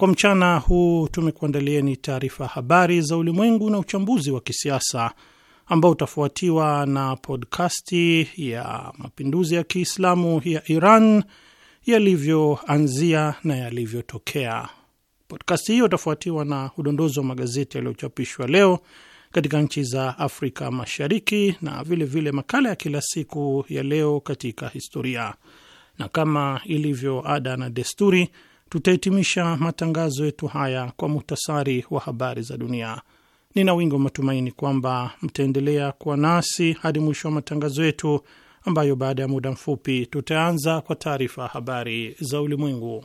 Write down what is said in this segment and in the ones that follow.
Kwa mchana huu tumekuandalieni taarifa habari za ulimwengu na uchambuzi wa kisiasa ambao utafuatiwa na podkasti ya mapinduzi ya Kiislamu ya Iran yalivyoanzia na yalivyotokea. Podkasti hiyo utafuatiwa na udondozi wa magazeti yaliyochapishwa leo katika nchi za Afrika Mashariki na vilevile vile makala ya kila siku ya leo katika historia, na kama ilivyo ada na desturi tutahitimisha matangazo yetu haya kwa muhtasari wa habari za dunia. Nina wingi wa matumaini kwamba mtaendelea kuwa nasi hadi mwisho wa matangazo yetu, ambayo baada ya muda mfupi tutaanza kwa taarifa habari za ulimwengu.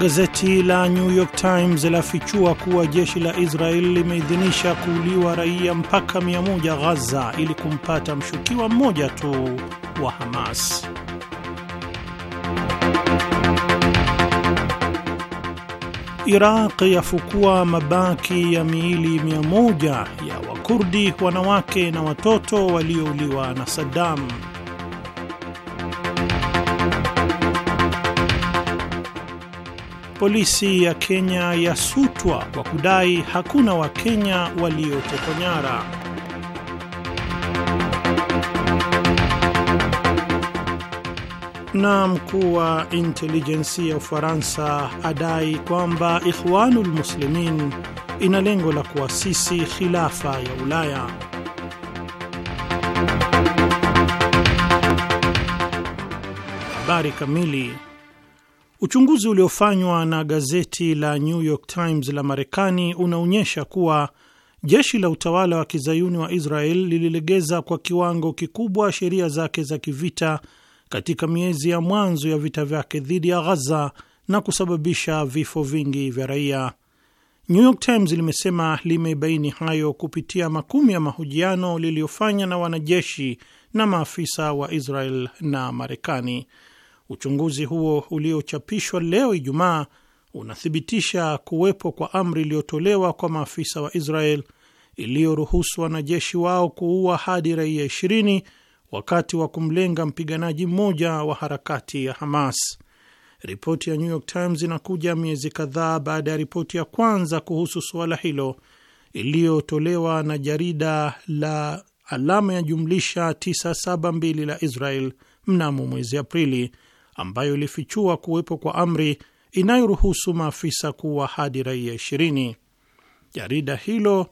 Gazeti la New York Times lafichua kuwa jeshi la israel limeidhinisha kuuliwa raia mpaka 100 ghaza ili kumpata mshukiwa mmoja tu wa Hamas. Iraq yafukua mabaki ya miili 100 ya Wakurdi wanawake na watoto waliouliwa na Saddam. Polisi ya Kenya yasutwa kwa kudai hakuna Wakenya waliotekwa nyara. Na mkuu wa intelijensi ya Ufaransa adai kwamba Ikhwanul Muslimin ina lengo la kuasisi khilafa ya Ulaya. Habari kamili Uchunguzi uliofanywa na gazeti la New York Times la Marekani unaonyesha kuwa jeshi la utawala wa kizayuni wa Israel lililegeza kwa kiwango kikubwa sheria zake za kivita katika miezi ya mwanzo ya vita vyake dhidi ya Ghaza na kusababisha vifo vingi vya raia. New York Times limesema limebaini hayo kupitia makumi ya mahojiano liliyofanya na wanajeshi na maafisa wa Israel na Marekani. Uchunguzi huo uliochapishwa leo Ijumaa unathibitisha kuwepo kwa amri iliyotolewa kwa maafisa wa Israel iliyoruhusu wanajeshi wao kuua hadi raia 20 wakati wa kumlenga mpiganaji mmoja wa harakati ya Hamas. Ripoti ya New York Times inakuja miezi kadhaa baada ya ripoti ya kwanza kuhusu suala hilo iliyotolewa na jarida la alama ya jumlisha 972 la Israel mnamo mwezi Aprili ambayo ilifichua kuwepo kwa amri inayoruhusu maafisa kuwa hadi raia ishirini. Jarida hilo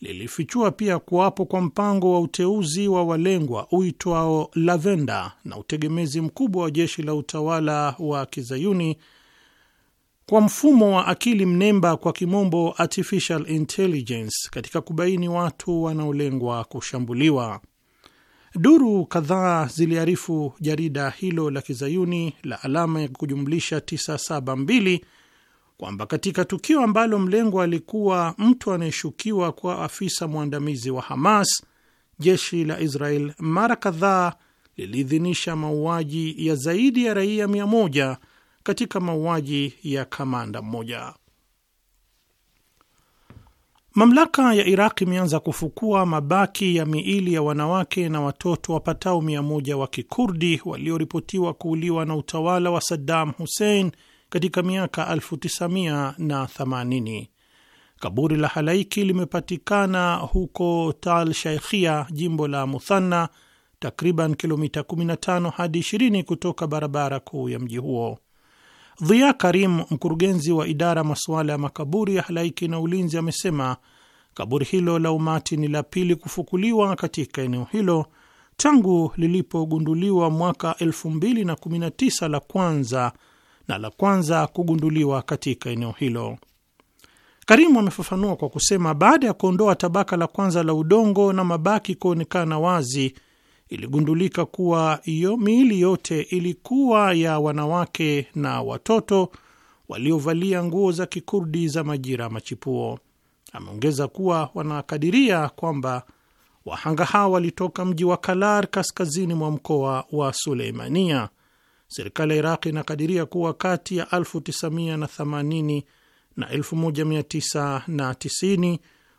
lilifichua pia kuwapo kwa mpango wa uteuzi wa walengwa uitwao Lavenda na utegemezi mkubwa wa jeshi la utawala wa kizayuni kwa mfumo wa akili mnemba, kwa kimombo artificial intelligence, katika kubaini watu wanaolengwa kushambuliwa. Duru kadhaa ziliarifu jarida hilo la kizayuni la alama ya kujumlisha 972 kwamba katika tukio ambalo mlengwa alikuwa mtu anayeshukiwa kwa afisa mwandamizi wa Hamas, jeshi la Israel mara kadhaa liliidhinisha mauaji ya zaidi ya raia 100 katika mauaji ya kamanda mmoja. Mamlaka ya Iraq imeanza kufukua mabaki ya miili ya wanawake na watoto wapatao mia moja wa Kikurdi walioripotiwa kuuliwa na utawala wa Saddam Hussein katika miaka 1980. Kaburi la halaiki limepatikana huko Tal Shaikhia, jimbo la Muthanna, takriban kilomita 15 hadi 20 kutoka barabara kuu ya mji huo. Dhia Karim, mkurugenzi wa idara masuala ya makaburi ya halaiki na ulinzi, amesema kaburi hilo la umati ni la pili kufukuliwa katika eneo hilo tangu lilipogunduliwa mwaka 2019 la kwanza na la kwanza kugunduliwa katika eneo hilo. Karimu amefafanua kwa kusema, baada ya kuondoa tabaka la kwanza la udongo na mabaki kuonekana wazi iligundulika kuwa hiyo miili yote ilikuwa ya wanawake na watoto waliovalia nguo za kikurdi za majira machipuo. Ameongeza kuwa wanakadiria kwamba wahanga hao walitoka mji wa Kalar kaskazini mwa mkoa wa Suleimania. Serikali ya Iraq inakadiria kuwa kati ya 1980 na 1990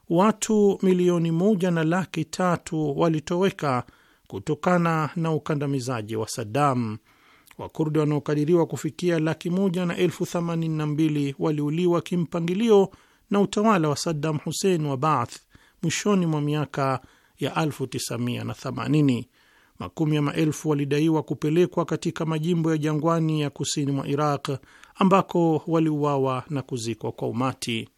watu milioni moja na laki tatu walitoweka kutokana na ukandamizaji wa sadam Wakurdi wanaokadiriwa kufikia laki moja na elfu themanini na mbili waliuliwa kimpangilio na utawala wa Saddam Hussein wa Baath mwishoni mwa miaka ya 1980. Makumi ya maelfu walidaiwa kupelekwa katika majimbo ya jangwani ya kusini mwa Iraq ambako waliuawa na kuzikwa kwa umati.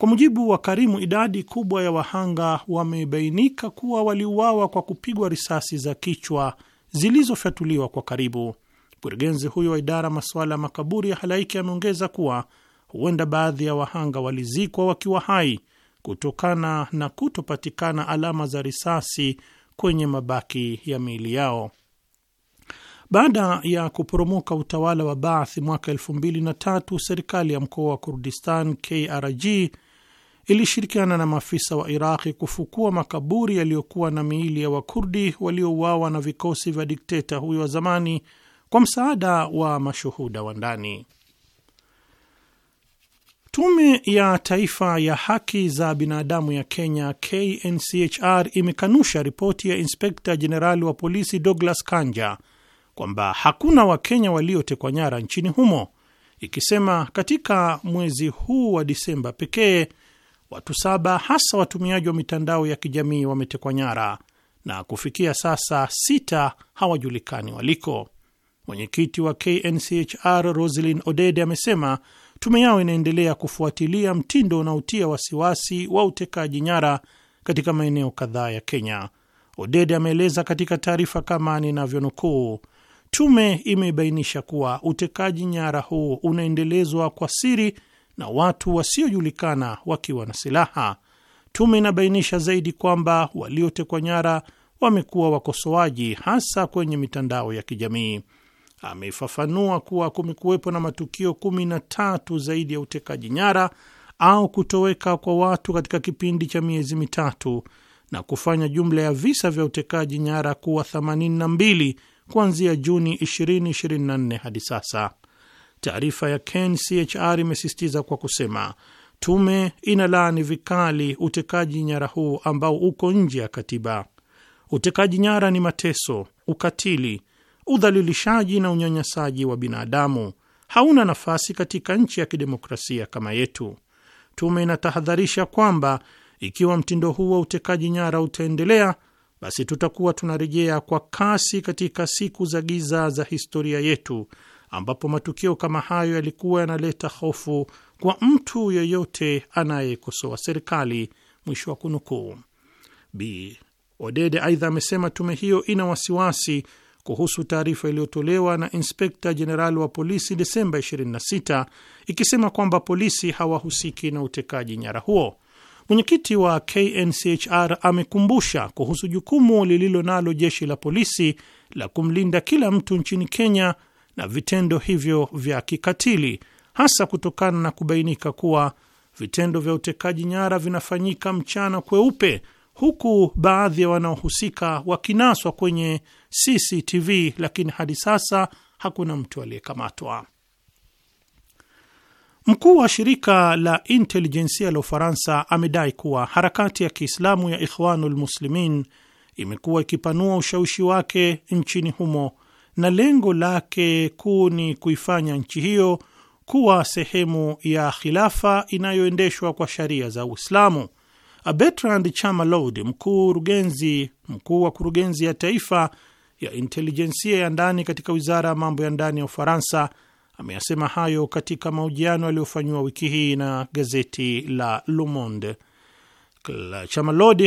Kwa mujibu wa Karimu, idadi kubwa ya wahanga wamebainika kuwa waliuawa kwa kupigwa risasi za kichwa zilizofyatuliwa kwa karibu. Mkurugenzi huyo wa idara masuala ya makaburi ya halaiki ameongeza kuwa huenda baadhi ya wahanga walizikwa wakiwa hai kutokana na kutopatikana alama za risasi kwenye mabaki ya miili yao. Baada ya kuporomoka utawala wa Baath mwaka elfu mbili na tatu, serikali ya mkoa wa Kurdistan KRG ilishirikiana na maafisa wa Iraqi kufukua makaburi yaliyokuwa na miili ya Wakurdi waliouawa na vikosi vya dikteta huyo wa zamani kwa msaada wa mashuhuda wa ndani. Tume ya Taifa ya Haki za Binadamu ya Kenya, KNCHR, imekanusha ripoti ya inspekta jenerali wa polisi Douglas Kanja kwamba hakuna Wakenya waliotekwa nyara nchini humo, ikisema katika mwezi huu wa Disemba pekee watu saba hasa watumiaji wa mitandao ya kijamii wametekwa nyara na kufikia sasa sita hawajulikani waliko. Mwenyekiti wa KNCHR Roselyn Odede amesema tume yao inaendelea kufuatilia mtindo unaotia wasiwasi wa utekaji nyara katika maeneo kadhaa ya Kenya. Odede ameeleza katika taarifa kama ninavyonukuu, tume imebainisha kuwa utekaji nyara huu unaendelezwa kwa siri na watu wasiojulikana wakiwa na silaha. Tume inabainisha zaidi kwamba waliotekwa nyara wamekuwa wakosoaji, hasa kwenye mitandao ya kijamii. Amefafanua kuwa kumekuwepo na matukio kumi na tatu zaidi ya utekaji nyara au kutoweka kwa watu katika kipindi cha miezi mitatu na kufanya jumla ya visa vya utekaji nyara kuwa 82 kuanzia Juni 2024 hadi sasa. Taarifa ya KNCHR imesisitiza kwa kusema tume inalaani vikali utekaji nyara huu ambao uko nje ya katiba. Utekaji nyara ni mateso, ukatili, udhalilishaji na unyanyasaji wa binadamu, hauna nafasi katika nchi ya kidemokrasia kama yetu. Tume inatahadharisha kwamba ikiwa mtindo huu wa utekaji nyara utaendelea, basi tutakuwa tunarejea kwa kasi katika siku za giza za historia yetu ambapo matukio kama hayo yalikuwa yanaleta hofu kwa mtu yeyote anayekosoa serikali, mwisho wa kunukuu. b Odede aidha amesema tume hiyo ina wasiwasi kuhusu taarifa iliyotolewa na inspekta jenerali wa polisi Desemba 26 ikisema kwamba polisi hawahusiki na utekaji nyara huo. Mwenyekiti wa KNCHR amekumbusha kuhusu jukumu lililo nalo jeshi la polisi la kumlinda kila mtu nchini Kenya na vitendo hivyo vya kikatili, hasa kutokana na kubainika kuwa vitendo vya utekaji nyara vinafanyika mchana kweupe, huku baadhi ya wanaohusika wakinaswa kwenye CCTV, lakini hadi sasa hakuna mtu aliyekamatwa. Mkuu wa shirika la intelijensia la Ufaransa amedai kuwa harakati ya Kiislamu ya Ikhwanul Muslimin imekuwa ikipanua ushawishi wake nchini humo na lengo lake kuu ni kuifanya nchi hiyo kuwa sehemu ya khilafa inayoendeshwa kwa sharia za Uislamu. Bertrand Chamalod, mkurugenzi mkuu wa kurugenzi ya taifa ya intelijensia ya ndani katika wizara ya mambo ya ndani ya Ufaransa, ameyasema hayo katika mahojiano yaliyofanyiwa wiki hii na gazeti la Le Monde.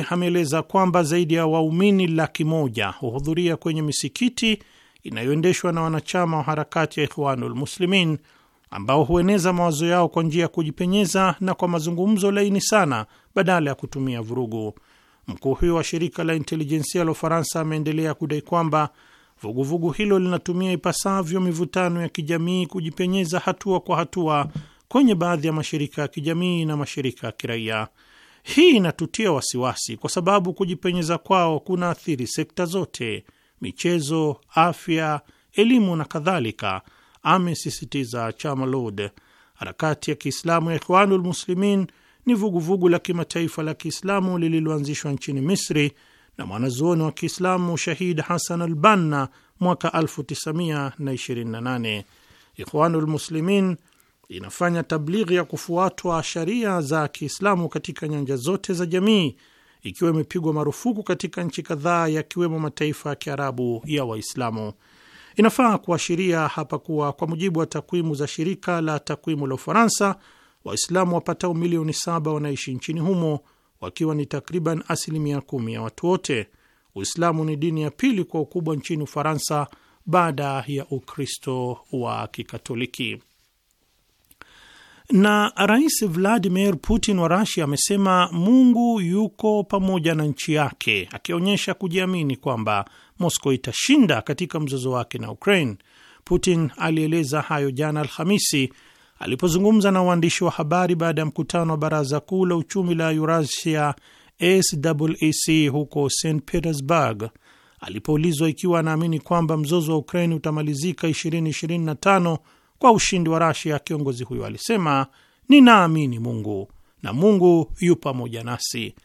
ameeleza kwamba zaidi ya waumini laki moja huhudhuria kwenye misikiti inayoendeshwa na wanachama wa harakati ya Ikhwanul Muslimin ambao hueneza mawazo yao kwa njia ya kujipenyeza na kwa mazungumzo laini sana badala ya kutumia vurugu. Mkuu huyo wa shirika la intelijensia la Ufaransa ameendelea kudai kwamba vuguvugu vugu hilo linatumia ipasavyo mivutano ya kijamii kujipenyeza hatua kwa hatua kwenye baadhi ya mashirika ya kijamii na mashirika ya kiraia. Hii inatutia wasiwasi kwa sababu kujipenyeza kwao kunaathiri sekta zote, michezo, afya, elimu na kadhalika, amesisitiza Chamalod. Harakati ya Kiislamu ya Ikhwanul Muslimin ni vuguvugu la kimataifa la Kiislamu lililoanzishwa nchini Misri na mwanazuoni wa Kiislamu Shahid Hasan Albanna mwaka 1928. Ikhwanul Muslimin inafanya tablighi ya kufuatwa sharia za Kiislamu katika nyanja zote za jamii ikiwa imepigwa marufuku katika nchi kadhaa yakiwemo mataifa ya Kiarabu ya Waislamu. Inafaa kuashiria hapa kuwa kwa mujibu wa takwimu za shirika la takwimu la Ufaransa, Waislamu wapatao milioni saba wanaishi nchini humo wakiwa ni takriban asilimia kumi ya watu wote. Uislamu ni dini ya pili kwa ukubwa nchini Ufaransa baada ya Ukristo wa Kikatoliki. Na Rais Vladimir Putin wa rusia amesema Mungu yuko pamoja na nchi yake, akionyesha kujiamini kwamba Moscow itashinda katika mzozo wake na Ukraine. Putin alieleza hayo jana Alhamisi alipozungumza na waandishi wa habari baada ya mkutano wa Baraza Kuu la Uchumi la Eurasia swec huko St Petersburg, alipoulizwa ikiwa anaamini kwamba mzozo wa Ukraine utamalizika 2025 kwa ushindi wa Rasia, kiongozi huyo alisema, ninaamini Mungu na Mungu yu pamoja nasi.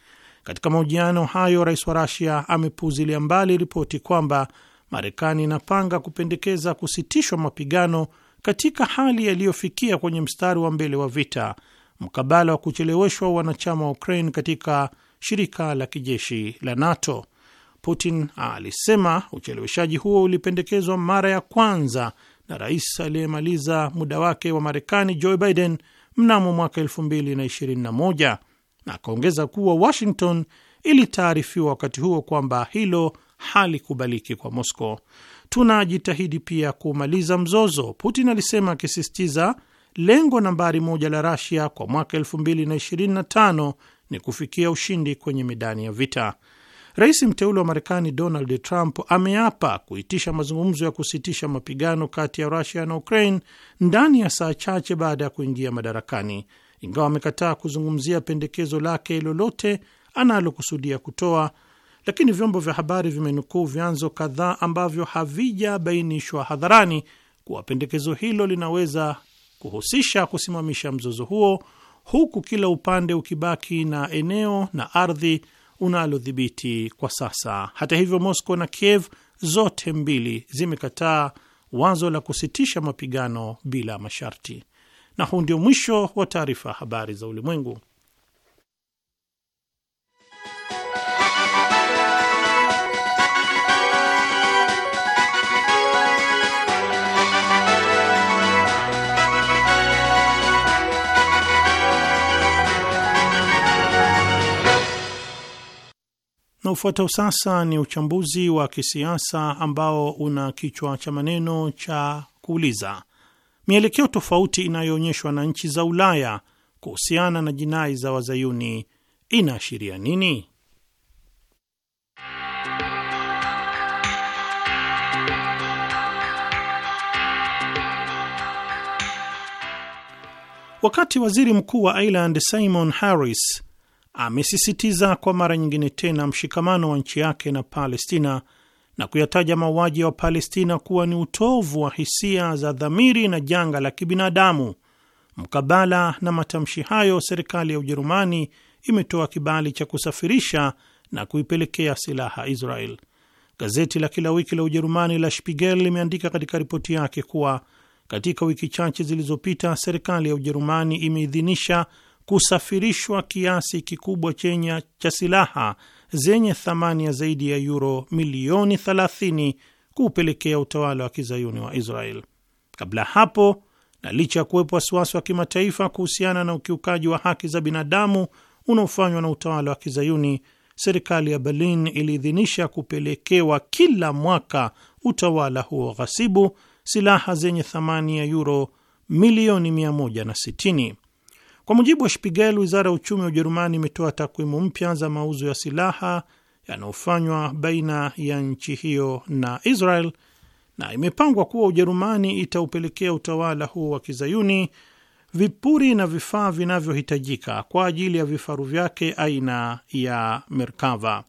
Katika mahojiano hayo, rais wa Rasia amepuuzilia mbali ripoti kwamba Marekani inapanga kupendekeza kusitishwa mapigano katika hali yaliyofikia kwenye mstari wa mbele wa vita mkabala wa kucheleweshwa wanachama wa Ukraine katika shirika la kijeshi la NATO. Putin alisema ucheleweshaji huo ulipendekezwa mara ya kwanza na rais aliyemaliza muda wake wa Marekani Joe Biden mnamo mwaka 2021 na akaongeza kuwa Washington ilitaarifiwa wakati huo kwamba hilo halikubaliki kwa Moscow. Tunajitahidi pia kumaliza mzozo, Putin alisema, akisisitiza lengo nambari moja la Rasia kwa mwaka 2025 ni kufikia ushindi kwenye midani ya vita. Rais mteule wa Marekani Donald Trump ameapa kuitisha mazungumzo ya kusitisha mapigano kati ya Rusia na Ukraine ndani ya saa chache baada ya kuingia madarakani, ingawa amekataa kuzungumzia pendekezo lake lolote analokusudia kutoa, lakini vyombo vya habari vimenukuu vyanzo kadhaa ambavyo havijabainishwa hadharani kuwa pendekezo hilo linaweza kuhusisha kusimamisha mzozo huo, huku kila upande ukibaki na eneo na ardhi unalodhibiti kwa sasa. Hata hivyo, Moscow na Kiev zote mbili zimekataa wazo la kusitisha mapigano bila masharti. Na huu ndio mwisho wa taarifa habari za ulimwengu. Unaofuata sasa ni uchambuzi wa kisiasa ambao una kichwa cha maneno cha kuuliza mielekeo tofauti inayoonyeshwa na nchi za Ulaya kuhusiana na jinai za wazayuni inaashiria nini? Wakati waziri mkuu wa Ireland Simon Harris amesisitiza kwa mara nyingine tena mshikamano wa nchi yake na Palestina na kuyataja mauaji ya Wapalestina kuwa ni utovu wa hisia za dhamiri na janga la kibinadamu. Mkabala na matamshi hayo, serikali ya Ujerumani imetoa kibali cha kusafirisha na kuipelekea silaha Israel. Gazeti la kila wiki la Ujerumani la Spiegel limeandika katika ripoti yake kuwa katika wiki chache zilizopita serikali ya Ujerumani imeidhinisha kusafirishwa kiasi kikubwa chenya cha silaha zenye thamani ya zaidi ya yuro milioni 30 kuupelekea utawala wa kizayuni wa Israel. Kabla hapo na licha ya kuwepo wasiwasi wa kimataifa kuhusiana na ukiukaji wa haki za binadamu unaofanywa na utawala wa kizayuni, serikali ya Berlin iliidhinisha kupelekewa kila mwaka utawala huo ghasibu silaha zenye thamani ya yuro milioni 160. Kwa mujibu wa Shpigel, wizara ya uchumi wa Ujerumani imetoa takwimu mpya za mauzo ya silaha yanayofanywa baina ya nchi hiyo na Israel na imepangwa kuwa Ujerumani itaupelekea utawala huo wa kizayuni vipuri na vifaa vinavyohitajika kwa ajili ya vifaru vyake aina ya Merkava.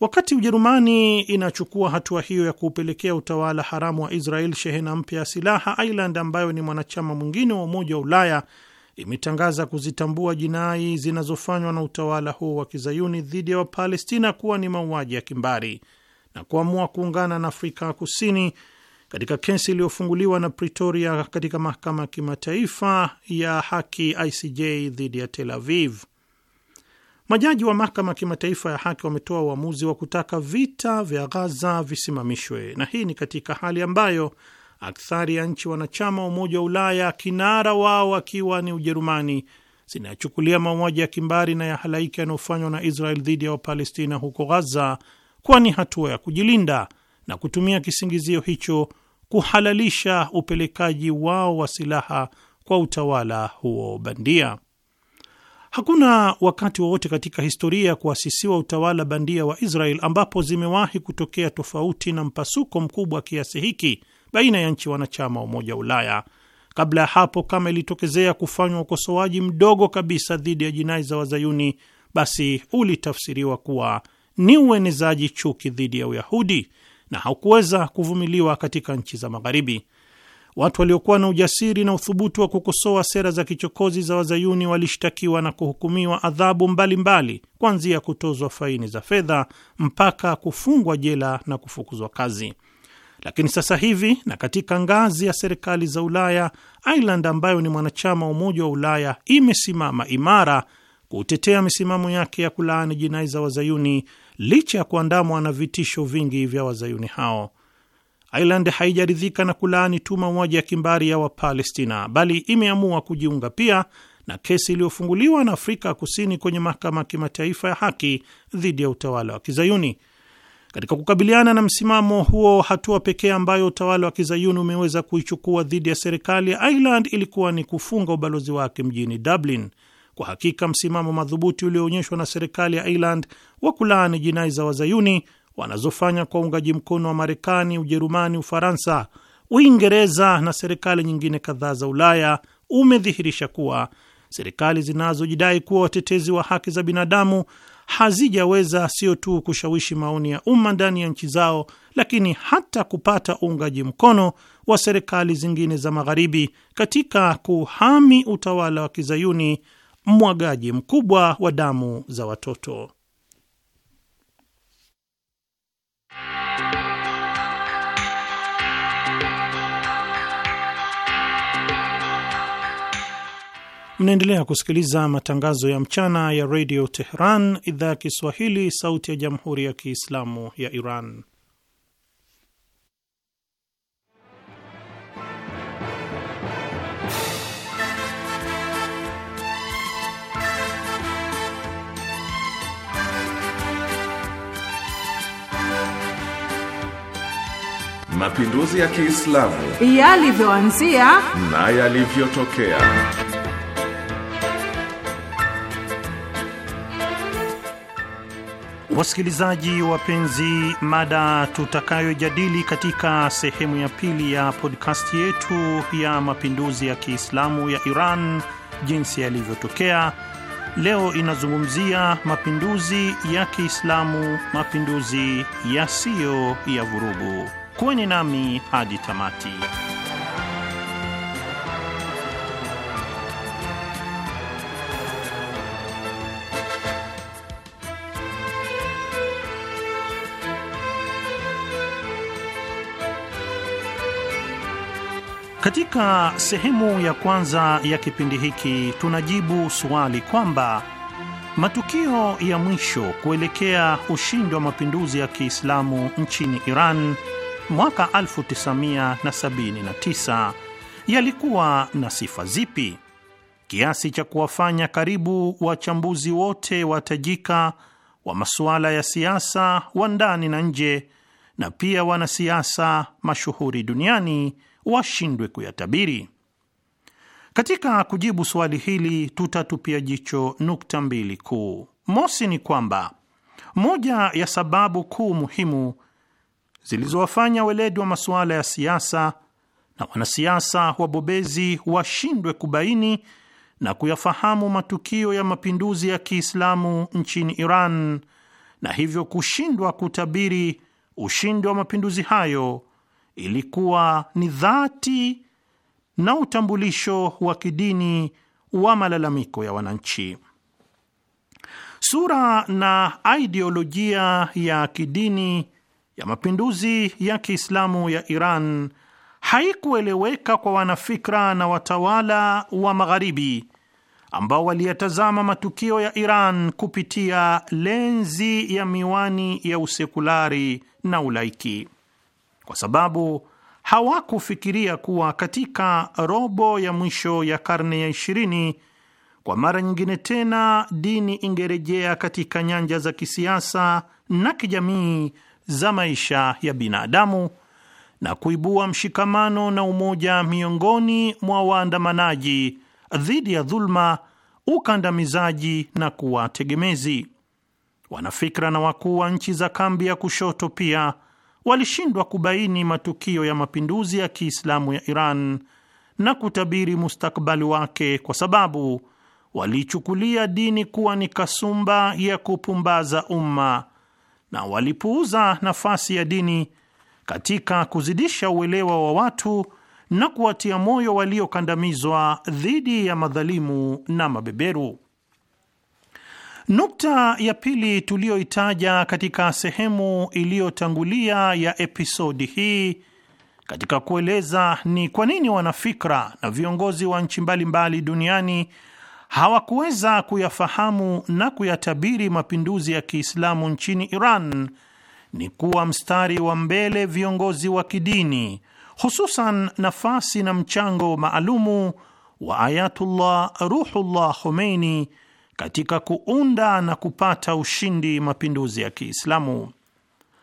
Wakati Ujerumani inachukua hatua hiyo ya kuupelekea utawala haramu wa Israel shehena mpya ya silaha, Ireland ambayo ni mwanachama mwingine wa Umoja wa Ulaya imetangaza kuzitambua jinai zinazofanywa na utawala huo wa kizayuni dhidi ya Wapalestina kuwa ni mauaji ya kimbari na kuamua kuungana na Afrika Kusini katika kesi iliyofunguliwa na Pretoria katika mahakama ya kimataifa ya haki ICJ dhidi ya Tel Aviv. Majaji wa mahakama ya kimataifa ya haki wametoa uamuzi wa kutaka vita vya Ghaza visimamishwe, na hii ni katika hali ambayo akthari ya nchi wanachama wa Umoja wa Ulaya, kinara wao akiwa ni Ujerumani, zinayochukulia mauaji ya kimbari na ya halaiki yanayofanywa na Israel dhidi ya Wapalestina huko Ghaza kuwa ni hatua ya kujilinda na kutumia kisingizio hicho kuhalalisha upelekaji wao wa silaha kwa utawala huo bandia. Hakuna wakati wowote katika historia ya kuasisiwa utawala bandia wa Israel ambapo zimewahi kutokea tofauti na mpasuko mkubwa kiasi hiki baina ya nchi wanachama wa Umoja wa Ulaya. Kabla ya hapo, kama ilitokezea kufanywa ukosoaji mdogo kabisa dhidi ya jinai za Wazayuni, basi ulitafsiriwa kuwa ni uenezaji chuki dhidi ya Uyahudi na haukuweza kuvumiliwa katika nchi za Magharibi. Watu waliokuwa na ujasiri na uthubutu wa kukosoa sera za kichokozi za Wazayuni walishtakiwa na kuhukumiwa adhabu mbalimbali, kuanzia kutozwa faini za fedha mpaka kufungwa jela na kufukuzwa kazi. Lakini sasa hivi na katika ngazi ya serikali za Ulaya, Ireland ambayo ni mwanachama wa Umoja wa Ulaya imesimama imara kutetea misimamo yake ya kulaani jinai za Wazayuni licha ya kuandamwa na vitisho vingi vya Wazayuni hao. Ireland haijaridhika na kulaani tu mauaji ya kimbari ya Wapalestina, bali imeamua kujiunga pia na kesi iliyofunguliwa na Afrika Kusini kwenye mahakama ya kimataifa ya haki dhidi ya utawala wa Kizayuni. Katika kukabiliana na msimamo huo, hatua pekee ambayo utawala wa kizayuni umeweza kuichukua dhidi ya serikali ya Ireland ilikuwa ni kufunga ubalozi wake mjini Dublin. Kwa hakika msimamo madhubuti ulioonyeshwa na serikali ya Ireland wa kulaani jinai za wazayuni wanazofanya kwa uungaji mkono wa Marekani, Ujerumani, Ufaransa, Uingereza na serikali nyingine kadhaa za Ulaya umedhihirisha kuwa serikali zinazojidai kuwa watetezi wa haki za binadamu hazijaweza sio tu kushawishi maoni ya umma ndani ya nchi zao, lakini hata kupata uungaji mkono wa serikali zingine za magharibi katika kuhami utawala wa kizayuni, mwagaji mkubwa wa damu za watoto. Mnaendelea kusikiliza matangazo ya mchana ya redio Tehran, idhaa ya Kiswahili, sauti ya jamhuri ya kiislamu ya Iran. Mapinduzi ya Kiislamu yalivyoanzia na yalivyotokea Wasikilizaji wapenzi, mada tutakayojadili katika sehemu ya pili ya podkasti yetu ya mapinduzi ya Kiislamu ya Iran, jinsi yalivyotokea leo, inazungumzia mapinduzi ya Kiislamu, mapinduzi yasiyo ya vurugu. Kuweni nami hadi tamati. Katika sehemu ya kwanza ya kipindi hiki tunajibu swali kwamba matukio ya mwisho kuelekea ushindi wa mapinduzi ya Kiislamu nchini Iran mwaka 1979 yalikuwa na sifa zipi kiasi cha kuwafanya karibu wachambuzi wote watajika wa masuala ya siasa wa ndani na nje na pia wanasiasa mashuhuri duniani washindwe kuyatabiri. Katika kujibu swali hili tutatupia jicho nukta mbili kuu. Mosi ni kwamba moja ya sababu kuu muhimu zilizowafanya weledi wa masuala ya siasa na wanasiasa wabobezi washindwe kubaini na kuyafahamu matukio ya mapinduzi ya Kiislamu nchini Iran na hivyo kushindwa kutabiri ushindi wa mapinduzi hayo ilikuwa ni dhati na utambulisho wa kidini wa malalamiko ya wananchi. Sura na ideolojia ya kidini ya mapinduzi ya Kiislamu ya Iran haikueleweka kwa wanafikra na watawala wa Magharibi ambao waliyatazama matukio ya Iran kupitia lenzi ya miwani ya usekulari na ulaiki kwa sababu hawakufikiria kuwa katika robo ya mwisho ya karne ya ishirini kwa mara nyingine tena dini ingerejea katika nyanja za kisiasa na kijamii za maisha ya binadamu na kuibua mshikamano na umoja miongoni mwa waandamanaji dhidi ya dhuluma, ukandamizaji na kuwa tegemezi. Wanafikra na wakuu wa nchi za kambi ya kushoto pia walishindwa kubaini matukio ya mapinduzi ya Kiislamu ya Iran na kutabiri mustakbali wake kwa sababu walichukulia dini kuwa ni kasumba ya kupumbaza umma na walipuuza nafasi ya dini katika kuzidisha uelewa wa watu na kuwatia moyo waliokandamizwa dhidi ya madhalimu na mabeberu. Nukta ya pili tuliyoitaja katika sehemu iliyotangulia ya episodi hii katika kueleza ni kwa nini wanafikra na viongozi wa nchi mbalimbali duniani hawakuweza kuyafahamu na kuyatabiri mapinduzi ya Kiislamu nchini Iran ni kuwa mstari wa mbele viongozi wa kidini, hususan nafasi na mchango maalumu wa Ayatullah Ruhullah Khomeini katika kuunda na kupata ushindi mapinduzi ya Kiislamu.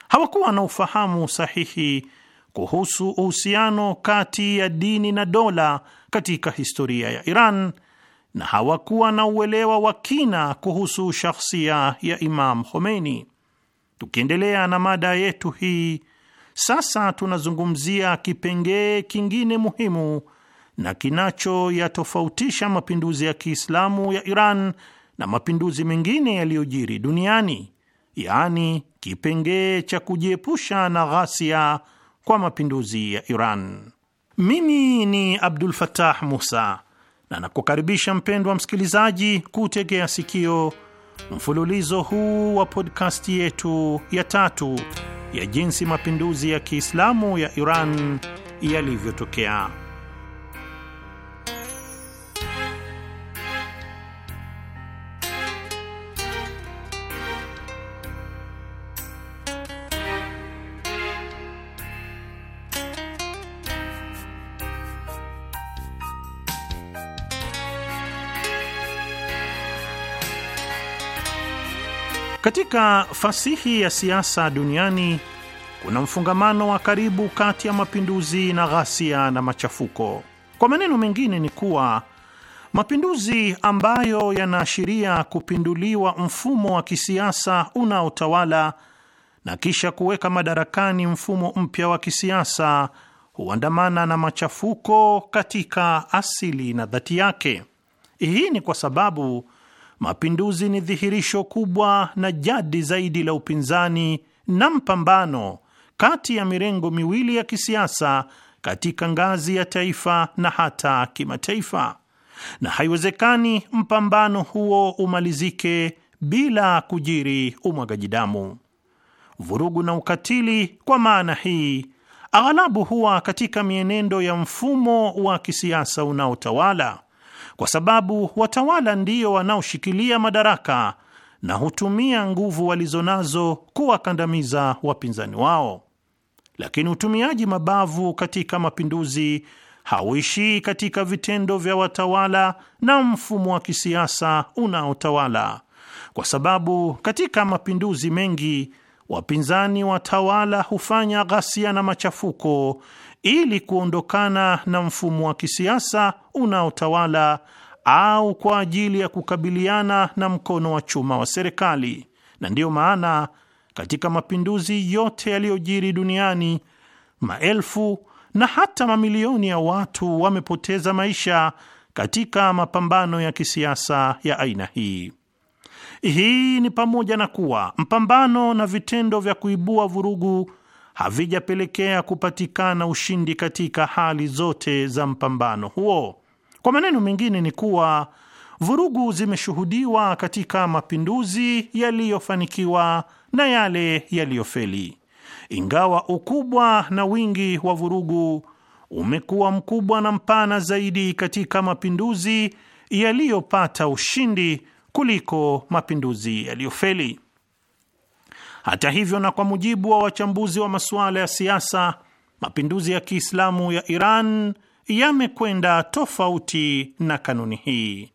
Hawakuwa na ufahamu sahihi kuhusu uhusiano kati ya dini na dola katika historia ya Iran na hawakuwa na uelewa wa kina kuhusu shakhsia ya Imam Khomeini. Tukiendelea na mada yetu hii, sasa tunazungumzia kipengee kingine muhimu na kinachoyatofautisha mapinduzi ya Kiislamu ya Iran na mapinduzi mengine yaliyojiri duniani, yaani kipengee cha kujiepusha na ghasia kwa mapinduzi ya Iran. Mimi ni Abdul Fattah Musa na nakukaribisha mpendwa msikilizaji kutegea sikio mfululizo huu wa podkasti yetu ya tatu ya jinsi mapinduzi ya Kiislamu ya Iran yalivyotokea. Katika fasihi ya siasa duniani kuna mfungamano wa karibu kati ya mapinduzi na ghasia na machafuko. Kwa maneno mengine, ni kuwa mapinduzi ambayo yanaashiria kupinduliwa mfumo wa kisiasa unaotawala na kisha kuweka madarakani mfumo mpya wa kisiasa huandamana na machafuko katika asili na dhati yake. Hii ni kwa sababu mapinduzi ni dhihirisho kubwa na jadi zaidi la upinzani na mpambano kati ya mirengo miwili ya kisiasa katika ngazi ya taifa na hata kimataifa, na haiwezekani mpambano huo umalizike bila kujiri umwagaji damu, vurugu na ukatili. Kwa maana hii, aghalabu huwa katika mienendo ya mfumo wa kisiasa unaotawala kwa sababu watawala ndio wanaoshikilia madaraka na hutumia nguvu walizonazo kuwakandamiza wapinzani wao. Lakini utumiaji mabavu katika mapinduzi hauishii katika vitendo vya watawala na mfumo wa kisiasa unaotawala, kwa sababu katika mapinduzi mengi wapinzani watawala hufanya ghasia na machafuko ili kuondokana na mfumo wa kisiasa unaotawala au kwa ajili ya kukabiliana na mkono wa chuma wa serikali. Na ndiyo maana katika mapinduzi yote yaliyojiri duniani, maelfu na hata mamilioni ya watu wamepoteza maisha katika mapambano ya kisiasa ya aina hii. Hii ni pamoja na kuwa mpambano na vitendo vya kuibua vurugu havijapelekea kupatikana ushindi katika hali zote za mpambano huo. Kwa maneno mengine ni kuwa vurugu zimeshuhudiwa katika mapinduzi yaliyofanikiwa na yale yaliyofeli, ingawa ukubwa na wingi wa vurugu umekuwa mkubwa na mpana zaidi katika mapinduzi yaliyopata ushindi kuliko mapinduzi yaliyofeli. Hata hivyo, na kwa mujibu wa wachambuzi wa masuala ya siasa, mapinduzi ya Kiislamu ya Iran yamekwenda tofauti na kanuni hii.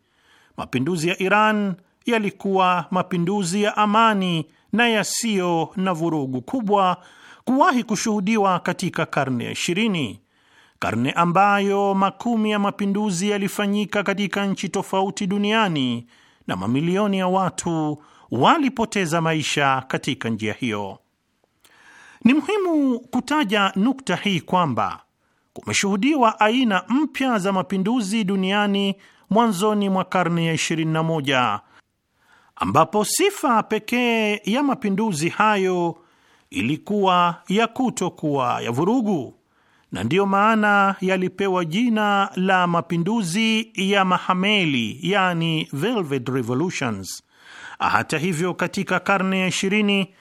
Mapinduzi ya Iran yalikuwa mapinduzi ya amani na yasiyo na vurugu kubwa kuwahi kushuhudiwa katika karne ya ishirini, karne ambayo makumi ya mapinduzi yalifanyika katika nchi tofauti duniani na mamilioni ya watu walipoteza maisha katika njia hiyo. Ni muhimu kutaja nukta hii kwamba kumeshuhudiwa aina mpya za mapinduzi duniani mwanzoni mwa karne ya 21 ambapo sifa pekee ya mapinduzi hayo ilikuwa ya kutokuwa ya vurugu, na ndiyo maana yalipewa jina la mapinduzi ya mahameli, yani Velvet Revolutions. Ah, hata hivyo, katika karne ya ishirini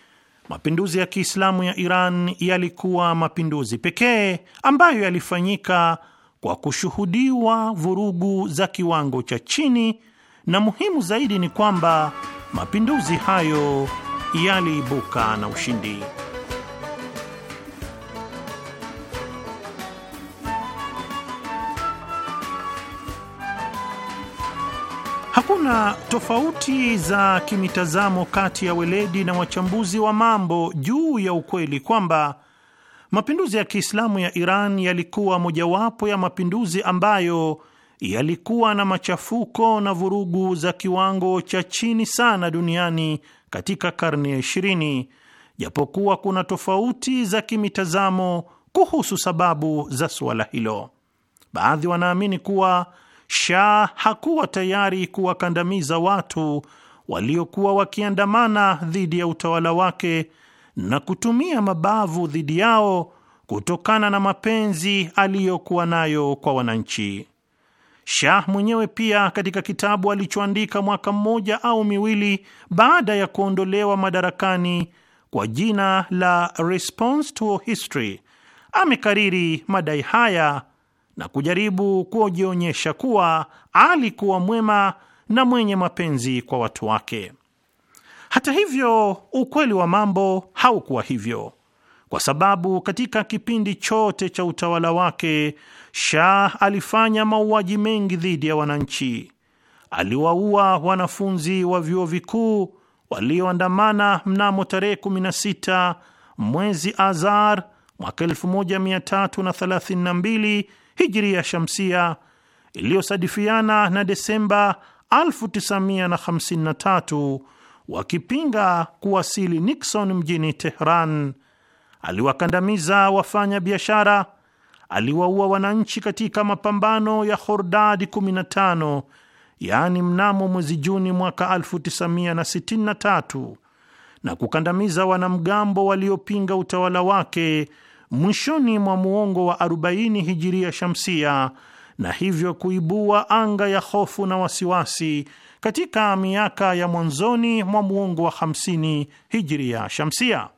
mapinduzi ya Kiislamu ya Iran yalikuwa mapinduzi pekee ambayo yalifanyika kwa kushuhudiwa vurugu za kiwango cha chini, na muhimu zaidi ni kwamba mapinduzi hayo yaliibuka na ushindi. Kuna tofauti za kimitazamo kati ya weledi na wachambuzi wa mambo juu ya ukweli kwamba mapinduzi ya Kiislamu ya Iran yalikuwa mojawapo ya mapinduzi ambayo yalikuwa na machafuko na vurugu za kiwango cha chini sana duniani katika karne ya ishirini, japokuwa kuna tofauti za kimitazamo kuhusu sababu za suala hilo. Baadhi wanaamini kuwa Shah hakuwa tayari kuwakandamiza watu waliokuwa wakiandamana dhidi ya utawala wake na kutumia mabavu dhidi yao kutokana na mapenzi aliyokuwa nayo kwa wananchi. Shah mwenyewe pia katika kitabu alichoandika mwaka mmoja au miwili baada ya kuondolewa madarakani kwa jina la Response to History amekariri madai haya na kujaribu kujionyesha kuwa alikuwa mwema na mwenye mapenzi kwa watu wake. Hata hivyo, ukweli wa mambo haukuwa hivyo, kwa sababu katika kipindi chote cha utawala wake Shah alifanya mauaji mengi dhidi ya wananchi. Aliwaua wanafunzi wa vyuo vikuu walioandamana mnamo tarehe 16 mwezi Azar mwaka 1332 Hijiria Shamsia iliyosadifiana na Desemba 1953 wakipinga kuwasili Nixon mjini Tehran. Aliwakandamiza wafanya biashara, aliwaua wananchi katika mapambano ya Hordadi 15, yaani mnamo mwezi Juni mwaka 1963 na kukandamiza wanamgambo waliopinga utawala wake mwishoni mwa muongo wa 40 hijiria shamsia, na hivyo kuibua anga ya hofu na wasiwasi katika miaka ya mwanzoni mwa muongo wa 50 hijiria shamsia.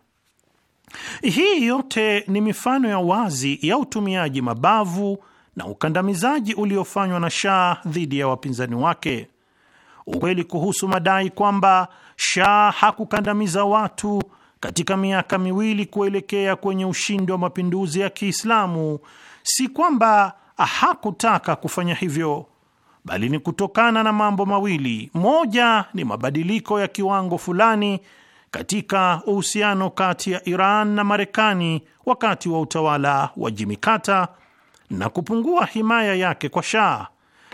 Hii yote ni mifano ya wazi ya utumiaji mabavu na ukandamizaji uliofanywa na Shah dhidi ya wapinzani wake. Ukweli kuhusu madai kwamba Shah hakukandamiza watu katika miaka miwili kuelekea kwenye ushindi wa mapinduzi ya Kiislamu, si kwamba hakutaka kufanya hivyo, bali ni kutokana na mambo mawili. Moja ni mabadiliko ya kiwango fulani katika uhusiano kati ya Iran na Marekani wakati wa utawala wa Jimmy Carter na kupungua himaya yake kwa Shah,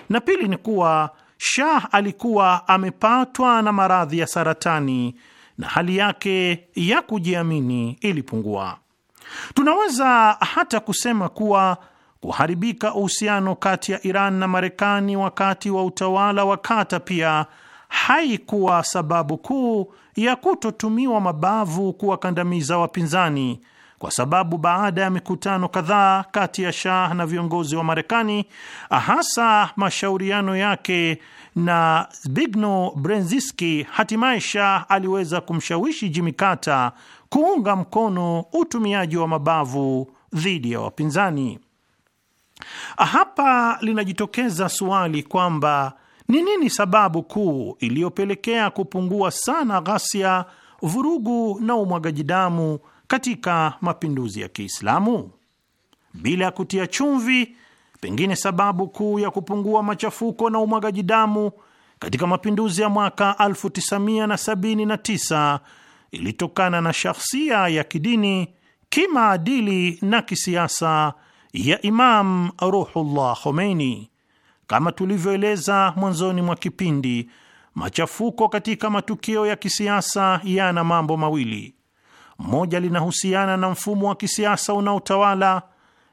na pili ni kuwa Shah alikuwa amepatwa na maradhi ya saratani na hali yake ya kujiamini ilipungua. Tunaweza hata kusema kuwa kuharibika uhusiano kati ya Iran na Marekani wakati wa utawala wa kata pia haikuwa sababu kuu ya kutotumiwa mabavu kuwakandamiza wapinzani kwa sababu baada ya mikutano kadhaa kati ya Shah na viongozi wa Marekani, hasa mashauriano yake na Zbigniew Brzezinski, hatimaye Shah aliweza kumshawishi Jimmy Carter kuunga mkono utumiaji wa mabavu dhidi ya wapinzani. Hapa linajitokeza suali kwamba ni nini sababu kuu iliyopelekea kupungua sana ghasia, vurugu na umwagaji damu katika mapinduzi ya Kiislamu? Bila ya kutia chumvi, pengine sababu kuu ya kupungua machafuko na umwagaji damu katika mapinduzi ya mwaka 1979 ilitokana na shahsia ya kidini, kimaadili na kisiasa ya Imam Ruhullah Khomeini. Kama tulivyoeleza mwanzoni mwa kipindi, machafuko katika matukio ya kisiasa yana mambo mawili: moja linahusiana na mfumo wa kisiasa unaotawala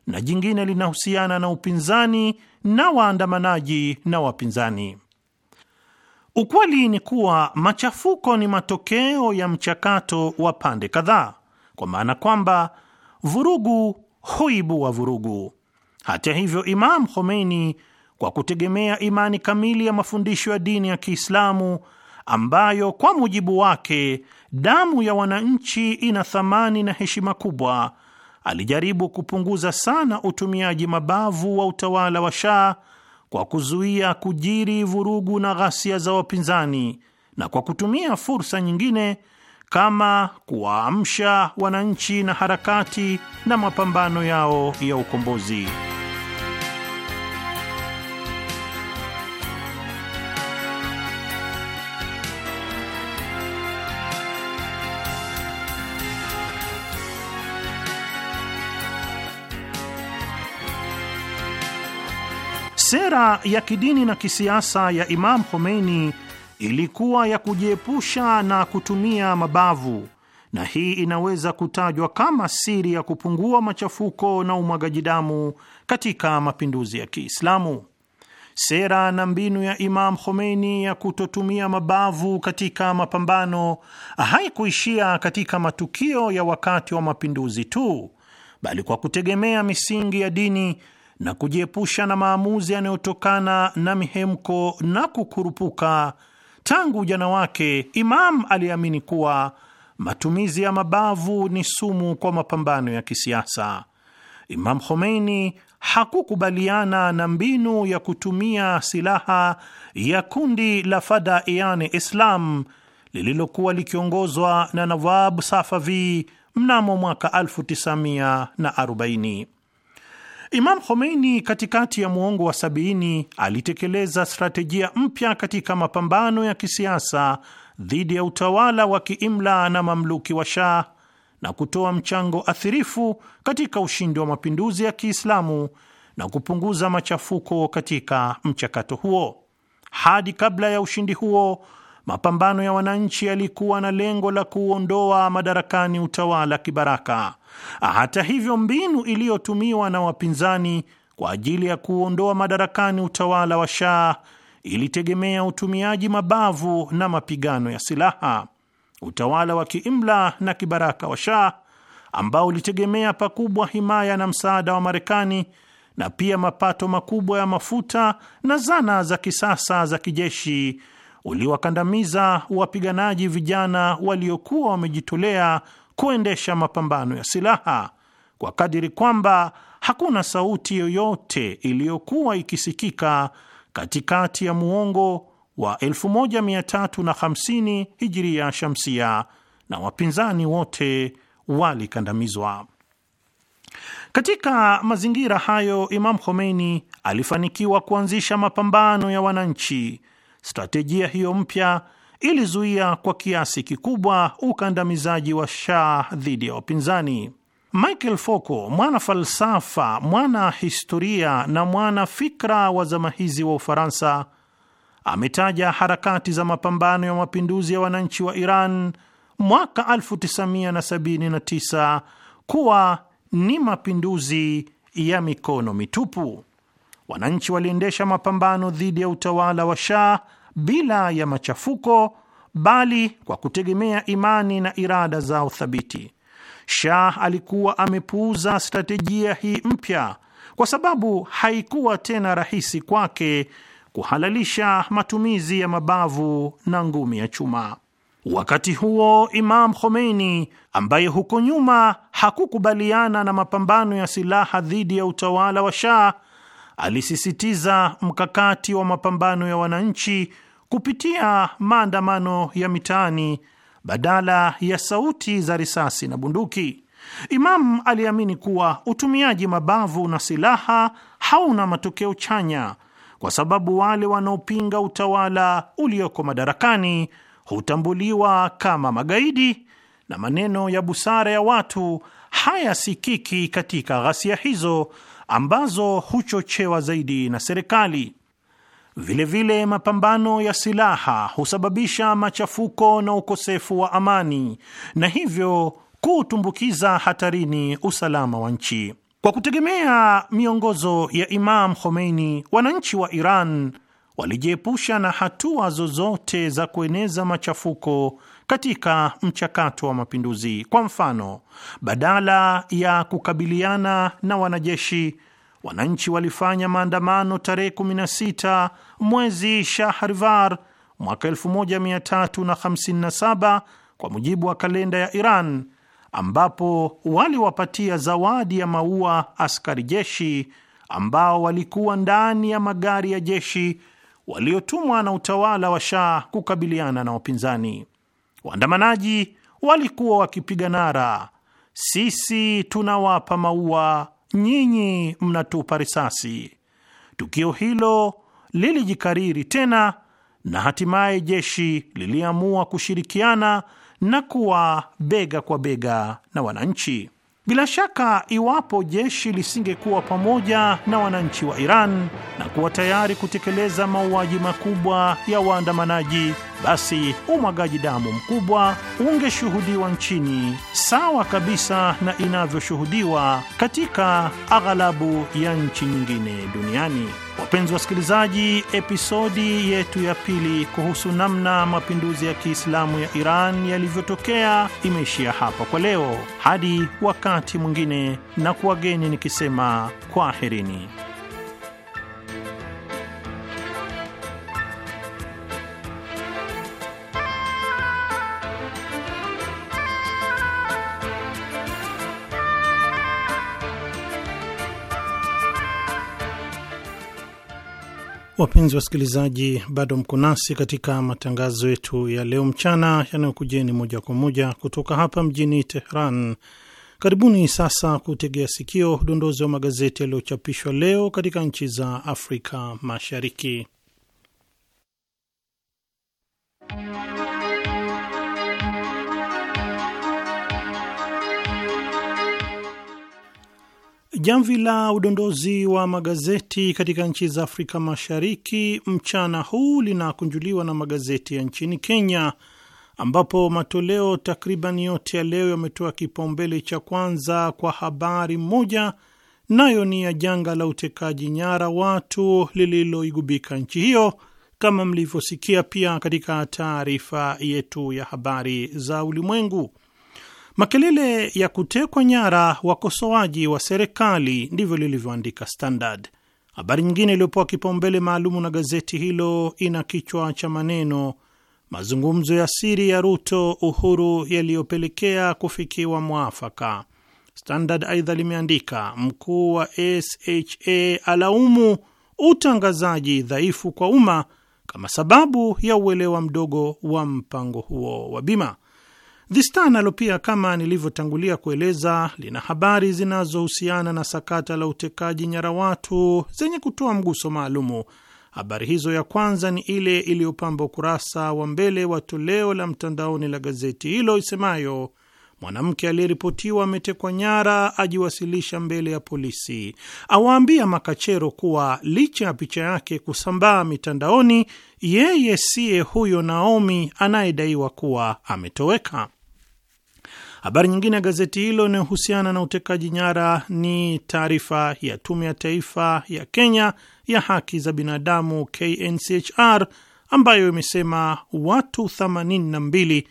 na jingine linahusiana na upinzani na waandamanaji na wapinzani. Ukweli ni kuwa machafuko ni matokeo ya mchakato wa pande kadhaa, kwa maana kwamba vurugu huibua vurugu. Hata hivyo, Imam Khomeini kwa kutegemea imani kamili ya mafundisho ya dini ya Kiislamu ambayo kwa mujibu wake damu ya wananchi ina thamani na heshima kubwa, alijaribu kupunguza sana utumiaji mabavu wa utawala wa Shah kwa kuzuia kujiri vurugu na ghasia za wapinzani na kwa kutumia fursa nyingine kama kuwaamsha wananchi na harakati na mapambano yao ya ukombozi. Dira ya kidini na kisiasa ya Imam Khomeini ilikuwa ya kujiepusha na kutumia mabavu, na hii inaweza kutajwa kama siri ya kupungua machafuko na umwagaji damu katika mapinduzi ya Kiislamu. Sera na mbinu ya Imam Khomeini ya kutotumia mabavu katika mapambano haikuishia katika matukio ya wakati wa mapinduzi tu, bali kwa kutegemea misingi ya dini na kujiepusha na maamuzi yanayotokana na mihemko na kukurupuka. Tangu ujana wake, Imam aliamini kuwa matumizi ya mabavu ni sumu kwa mapambano ya kisiasa. Imam Khomeini hakukubaliana na mbinu ya kutumia silaha ya kundi la Fadaiani Islam lililokuwa likiongozwa na Nawab Safavi mnamo mwaka 1940. Imam Khomeini katikati ya muongo wa sabini alitekeleza strategia mpya katika mapambano ya kisiasa dhidi ya utawala wa kiimla na mamluki wa Shah na kutoa mchango athirifu katika ushindi wa mapinduzi ya Kiislamu na kupunguza machafuko katika mchakato huo. Hadi kabla ya ushindi huo, mapambano ya wananchi yalikuwa na lengo la kuondoa madarakani utawala kibaraka hata hivyo, mbinu iliyotumiwa na wapinzani kwa ajili ya kuondoa madarakani utawala wa Shah ilitegemea utumiaji mabavu na mapigano ya silaha. Utawala wa kiimla na kibaraka wa Shah ambao ulitegemea pakubwa himaya na msaada wa Marekani na pia mapato makubwa ya mafuta na zana za kisasa za kijeshi uliwakandamiza wapiganaji vijana waliokuwa wamejitolea kuendesha mapambano ya silaha kwa kadiri kwamba hakuna sauti yoyote iliyokuwa ikisikika katikati ya muongo wa 1350 hijiria shamsia na wapinzani wote walikandamizwa. Katika mazingira hayo, Imam Khomeini alifanikiwa kuanzisha mapambano ya wananchi. Stratejia hiyo mpya ilizuia kwa kiasi kikubwa ukandamizaji wa Shah dhidi ya wapinzani. Michael Foucault, mwana falsafa, mwana historia na mwana fikra wa zama hizi wa Ufaransa, ametaja harakati za mapambano ya mapinduzi ya wananchi wa Iran mwaka 1979 kuwa ni mapinduzi ya mikono mitupu. Wananchi waliendesha mapambano dhidi ya utawala wa Shah bila ya machafuko, bali kwa kutegemea imani na irada zao thabiti. Shah alikuwa amepuuza stratejia hii mpya kwa sababu haikuwa tena rahisi kwake kuhalalisha matumizi ya mabavu na ngumi ya chuma. Wakati huo Imam Khomeini, ambaye huko nyuma hakukubaliana na mapambano ya silaha dhidi ya utawala wa Shah, alisisitiza mkakati wa mapambano ya wananchi kupitia maandamano ya mitaani badala ya sauti za risasi na bunduki. imam aliamini kuwa utumiaji mabavu na silaha hauna matokeo chanya, kwa sababu wale wanaopinga utawala ulioko madarakani hutambuliwa kama magaidi na maneno ya busara ya watu hayasikiki katika ghasia hizo ambazo huchochewa zaidi na serikali. Vilevile vile mapambano ya silaha husababisha machafuko na ukosefu wa amani na hivyo kuutumbukiza hatarini usalama wa nchi. Kwa kutegemea miongozo ya Imam Khomeini, wananchi wa Iran walijiepusha na hatua zozote za kueneza machafuko katika mchakato wa mapinduzi. Kwa mfano, badala ya kukabiliana na wanajeshi wananchi walifanya maandamano tarehe 16 mwezi Shahrivar mwaka 1357 kwa mujibu wa kalenda ya Iran, ambapo waliwapatia zawadi ya maua askari jeshi ambao walikuwa ndani ya magari ya jeshi waliotumwa na utawala wa Shah kukabiliana na wapinzani. Waandamanaji walikuwa wakipiga nara, sisi tunawapa maua nyinyi mnatupa risasi. Tukio hilo lilijikariri tena na hatimaye jeshi liliamua kushirikiana na kuwa bega kwa bega na wananchi. Bila shaka iwapo jeshi lisingekuwa pamoja na wananchi wa Iran na kuwa tayari kutekeleza mauaji makubwa ya waandamanaji, basi umwagaji damu mkubwa ungeshuhudiwa nchini sawa kabisa na inavyoshuhudiwa katika aghalabu ya nchi nyingine duniani. Wapenzi wasikilizaji, episodi yetu ya pili kuhusu namna mapinduzi ya Kiislamu ya Iran yalivyotokea imeishia hapa kwa leo. Hadi wakati mwingine, na kuwageni nikisema kwaherini. Wapenzi wasikilizaji, bado mko nasi katika matangazo yetu ya leo mchana yanayokujeni moja kwa moja kutoka hapa mjini Tehran. Karibuni sasa kutegea sikio udondozi wa magazeti yaliyochapishwa leo katika nchi za Afrika Mashariki. Jamvi la udondozi wa magazeti katika nchi za Afrika Mashariki mchana huu linakunjuliwa na magazeti ya nchini Kenya, ambapo matoleo takriban yote ya leo yametoa kipaumbele cha kwanza kwa habari moja, nayo ni ya janga la utekaji nyara watu lililoigubika nchi hiyo, kama mlivyosikia pia katika taarifa yetu ya habari za ulimwengu. Makelele ya kutekwa nyara wakosoaji wa serikali, ndivyo lilivyoandika Standard. Habari nyingine iliyopewa kipaumbele maalumu na gazeti hilo ina kichwa cha maneno mazungumzo ya siri ya Ruto Uhuru yaliyopelekea kufikiwa mwafaka. Standard aidha limeandika mkuu wa SHA alaumu utangazaji dhaifu kwa umma kama sababu ya uelewa mdogo wa mpango huo wa bima. The nalo pia kama nilivyotangulia kueleza lina habari zinazohusiana na sakata la utekaji nyara watu zenye kutoa mguso maalumu. Habari hizo ya kwanza ni ile iliyopamba ukurasa wa mbele wa toleo la mtandaoni la gazeti hilo isemayo Mwanamke aliyeripotiwa ametekwa nyara ajiwasilisha mbele ya polisi, awaambia makachero kuwa licha ya picha yake kusambaa mitandaoni, yeye siye huyo Naomi anayedaiwa kuwa ametoweka. Habari nyingine ya gazeti hilo inayohusiana na utekaji nyara ni taarifa ya Tume ya Taifa ya Kenya ya Haki za Binadamu, KNCHR, ambayo imesema watu 82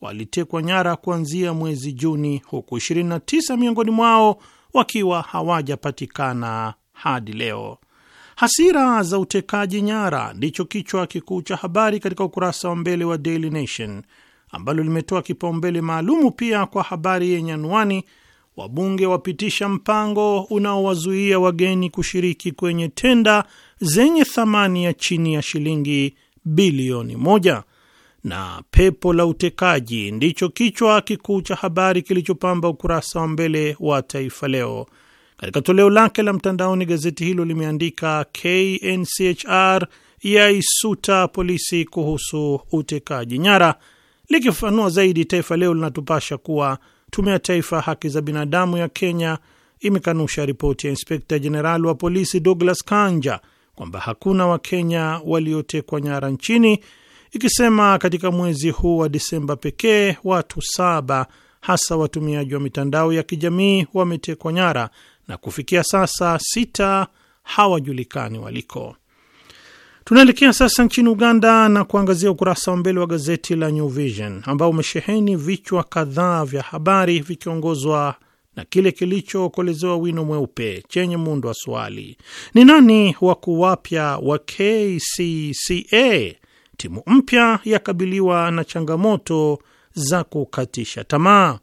walitekwa nyara kuanzia mwezi Juni, huku 29 miongoni mwao wakiwa hawajapatikana hadi leo. Hasira za utekaji nyara ndicho kichwa kikuu cha habari katika ukurasa wa mbele wa Daily Nation ambalo limetoa kipaumbele maalumu pia kwa habari yenye anwani wabunge wapitisha mpango unaowazuia wageni kushiriki kwenye tenda zenye thamani ya chini ya shilingi bilioni moja na pepo la utekaji ndicho kichwa kikuu cha habari kilichopamba ukurasa wa mbele wa Taifa Leo. Katika toleo lake la mtandaoni, gazeti hilo limeandika KNCHR yaisuta polisi kuhusu utekaji nyara. Likifafanua zaidi, Taifa Leo linatupasha kuwa tume ya taifa haki za binadamu ya Kenya imekanusha ripoti ya inspekta jenerali wa polisi Douglas Kanja kwamba hakuna Wakenya waliotekwa nyara nchini ikisema katika mwezi huu wa Disemba pekee watu saba hasa watumiaji wa mitandao ya kijamii wametekwa nyara na kufikia sasa sita hawajulikani waliko. Tunaelekea sasa nchini Uganda na kuangazia ukurasa wa mbele wa gazeti la New Vision ambao umesheheni vichwa kadhaa vya habari vikiongozwa na kile kilichookolezewa wino mweupe chenye muundo wa swali: ni nani wakuu wapya wa KCCA timu mpya yakabiliwa na changamoto za kukatisha tamaa.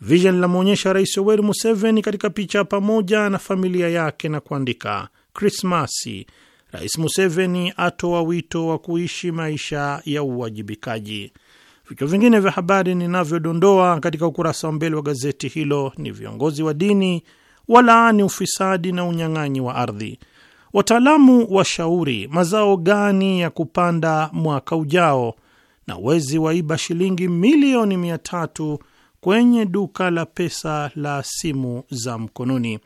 Vision linamwonyesha Rais Yoweri Museveni katika picha pamoja na familia yake na kuandika, Krismasi, Rais Museveni atoa wito wa kuishi maisha ya uwajibikaji. Vichwa vingine vya habari ninavyodondoa katika ukurasa wa mbele wa gazeti hilo ni viongozi wa dini walaani ufisadi na unyang'anyi wa ardhi. Wataalamu washauri mazao gani ya kupanda mwaka ujao, na wezi waiba shilingi milioni mia tatu kwenye duka la pesa la simu za mkononi.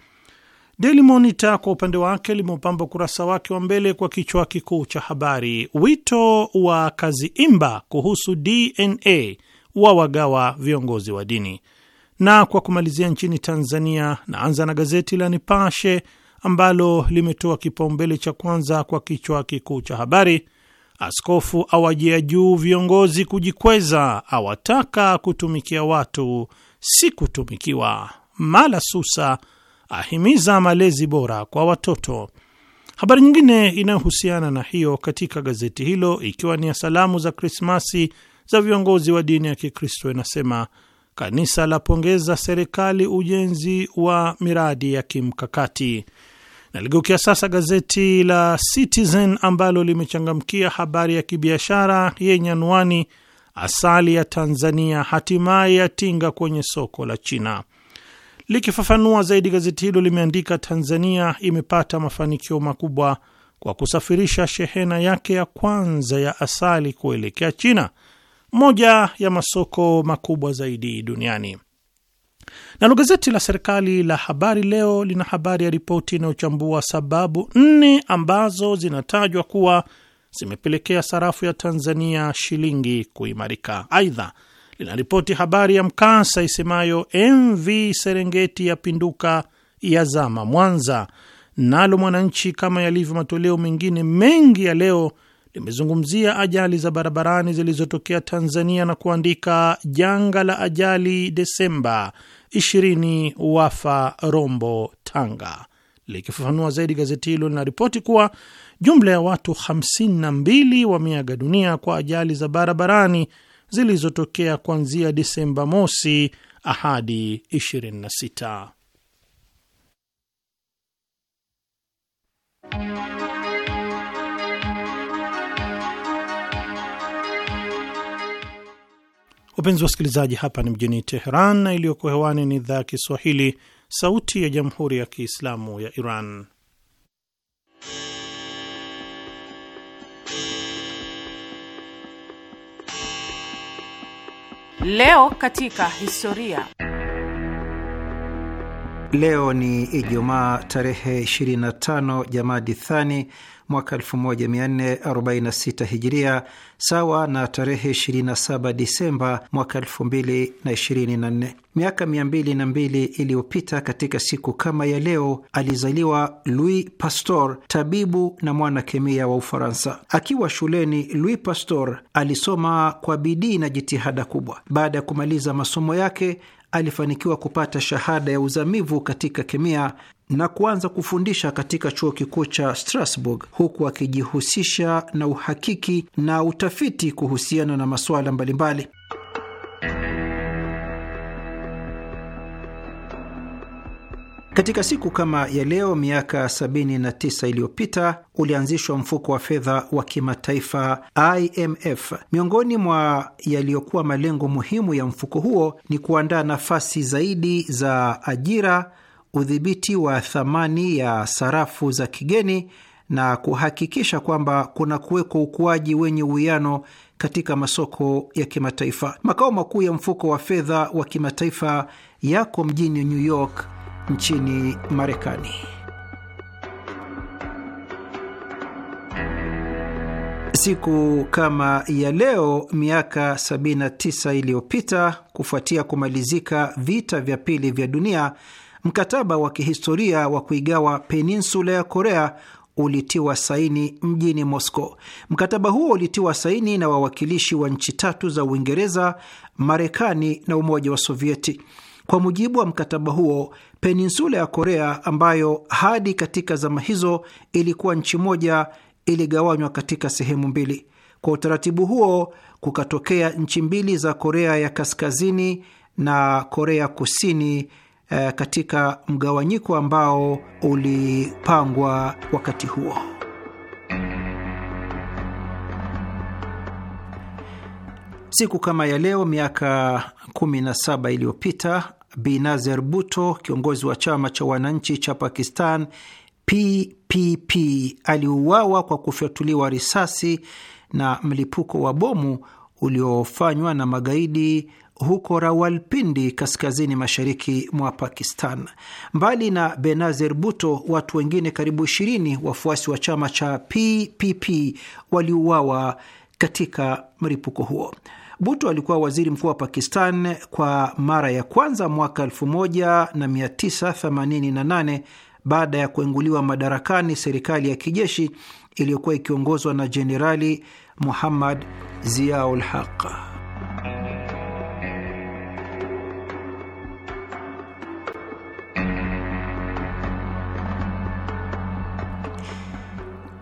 Daily Monitor kwa upande wake limeupamba ukurasa wake wa mbele kwa kichwa kikuu cha habari, wito wa kazi imba kuhusu DNA wawagawa viongozi wa dini. Na kwa kumalizia nchini Tanzania, naanza na gazeti la Nipashe ambalo limetoa kipaumbele cha kwanza kwa kichwa kikuu cha habari, askofu awajia juu viongozi kujikweza, awataka kutumikia watu si kutumikiwa. Mala Susa ahimiza malezi bora kwa watoto. Habari nyingine inayohusiana na hiyo katika gazeti hilo, ikiwa ni ya salamu za Krismasi za viongozi wa dini ya Kikristo, inasema kanisa lapongeza serikali ujenzi wa miradi ya kimkakati. Na ligeukia sasa gazeti la Citizen ambalo limechangamkia habari ya kibiashara yenye anwani asali ya Tanzania hatimaye yatinga kwenye soko la China. Likifafanua zaidi, gazeti hilo limeandika, Tanzania imepata mafanikio makubwa kwa kusafirisha shehena yake ya kwanza ya asali kuelekea China, moja ya masoko makubwa zaidi duniani. Nalo gazeti la serikali la Habari Leo lina habari ya ripoti inayochambua sababu nne ambazo zinatajwa kuwa zimepelekea sarafu ya Tanzania shilingi kuimarika. Aidha, lina ripoti habari ya mkasa isemayo MV Serengeti ya ya yazama Mwanza. Nalo Mwananchi, kama yalivyo matoleo mengine mengi ya leo, limezungumzia ajali za barabarani zilizotokea Tanzania na kuandika janga la ajali Desemba ishirini wafa Rombo, Tanga. Likifafanua zaidi, gazeti hilo linaripoti kuwa jumla ya watu 52 wameaga dunia kwa ajali za barabarani zilizotokea kuanzia Disemba mosi hadi 26. Wapenzi wasikilizaji, hapa ni mjini Teheran na iliyoko hewani ni idhaa ya Kiswahili, Sauti ya Jamhuri ya Kiislamu ya Iran. Leo katika historia. Leo ni Ijumaa tarehe 25 Jamadi Thani mwaka 1446 hijiria sawa na tarehe 27 Disemba mwaka 2024. Miaka 202 iliyopita katika siku kama ya leo alizaliwa Louis Pasteur, tabibu na mwana kemia wa Ufaransa. Akiwa shuleni, Louis Pasteur alisoma kwa bidii na jitihada kubwa. Baada ya kumaliza masomo yake alifanikiwa kupata shahada ya uzamivu katika kemia na kuanza kufundisha katika chuo kikuu cha Strasbourg huku akijihusisha na uhakiki na utafiti kuhusiana na masuala mbalimbali. Katika siku kama ya leo miaka 79 iliyopita ulianzishwa mfuko wa fedha wa kimataifa IMF. Miongoni mwa yaliyokuwa malengo muhimu ya mfuko huo ni kuandaa nafasi zaidi za ajira, udhibiti wa thamani ya sarafu za kigeni na kuhakikisha kwamba kuna kuwekwa ukuaji wenye uwiano katika masoko ya kimataifa. Makao makuu ya mfuko wa fedha wa kimataifa yako mjini New York nchini Marekani. Siku kama ya leo miaka 79 iliyopita, kufuatia kumalizika vita vya pili vya dunia, mkataba wa kihistoria wa kuigawa peninsula ya Korea ulitiwa saini mjini Moscow. Mkataba huo ulitiwa saini na wawakilishi wa nchi tatu za Uingereza, Marekani na Umoja wa Sovieti. Kwa mujibu wa mkataba huo, peninsula ya Korea ambayo hadi katika zama hizo ilikuwa nchi moja iligawanywa katika sehemu mbili. Kwa utaratibu huo, kukatokea nchi mbili za Korea ya Kaskazini na Korea Kusini eh, katika mgawanyiko ambao ulipangwa wakati huo. Siku kama ya leo miaka 17 iliyopita Binazer Bhutto, kiongozi wa chama cha wananchi cha Pakistan PPP, aliuawa kwa kufyatuliwa risasi na mlipuko wa bomu uliofanywa na magaidi huko Rawalpindi, kaskazini mashariki mwa Pakistan. Mbali na Benazir Bhutto, watu wengine karibu 20 wafuasi wa chama cha PPP waliuawa katika mlipuko huo. Bhutto alikuwa waziri mkuu wa Pakistan kwa mara ya kwanza mwaka 1988 baada ya kuenguliwa madarakani serikali ya kijeshi iliyokuwa ikiongozwa na Jenerali Muhammad Ziaul Haq.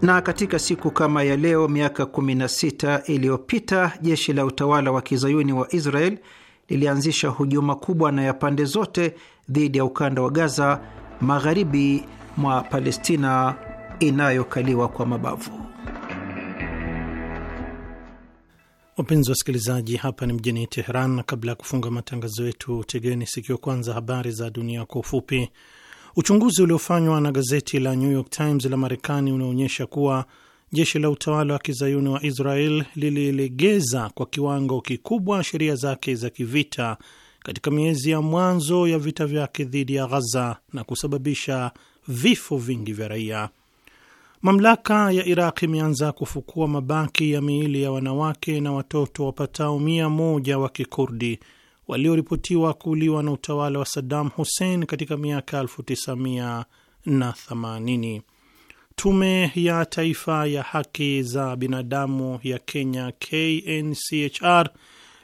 Na katika siku kama ya leo miaka 16 iliyopita jeshi la utawala wa kizayuni wa Israel lilianzisha hujuma kubwa na ya pande zote dhidi ya ukanda wa Gaza magharibi mwa Palestina inayokaliwa kwa mabavu. Wapenzi wasikilizaji, hapa ni mjini Teheran, na kabla ya kufunga matangazo yetu, tegeni sikio kwanza habari za dunia kwa ufupi. Uchunguzi uliofanywa na gazeti la New York Times la Marekani unaonyesha kuwa jeshi la utawala wa kizayuni wa Israel lililegeza kwa kiwango kikubwa sheria zake za kivita katika miezi ya mwanzo ya vita vyake dhidi ya Ghaza na kusababisha vifo vingi vya raia. Mamlaka ya Iraq imeanza kufukua mabaki ya miili ya wanawake na watoto wapatao mia moja wa Kikurdi walioripotiwa kuuliwa na utawala wa Saddam Hussein katika miaka 1980. Tume ya Taifa ya Haki za Binadamu ya Kenya, KNCHR,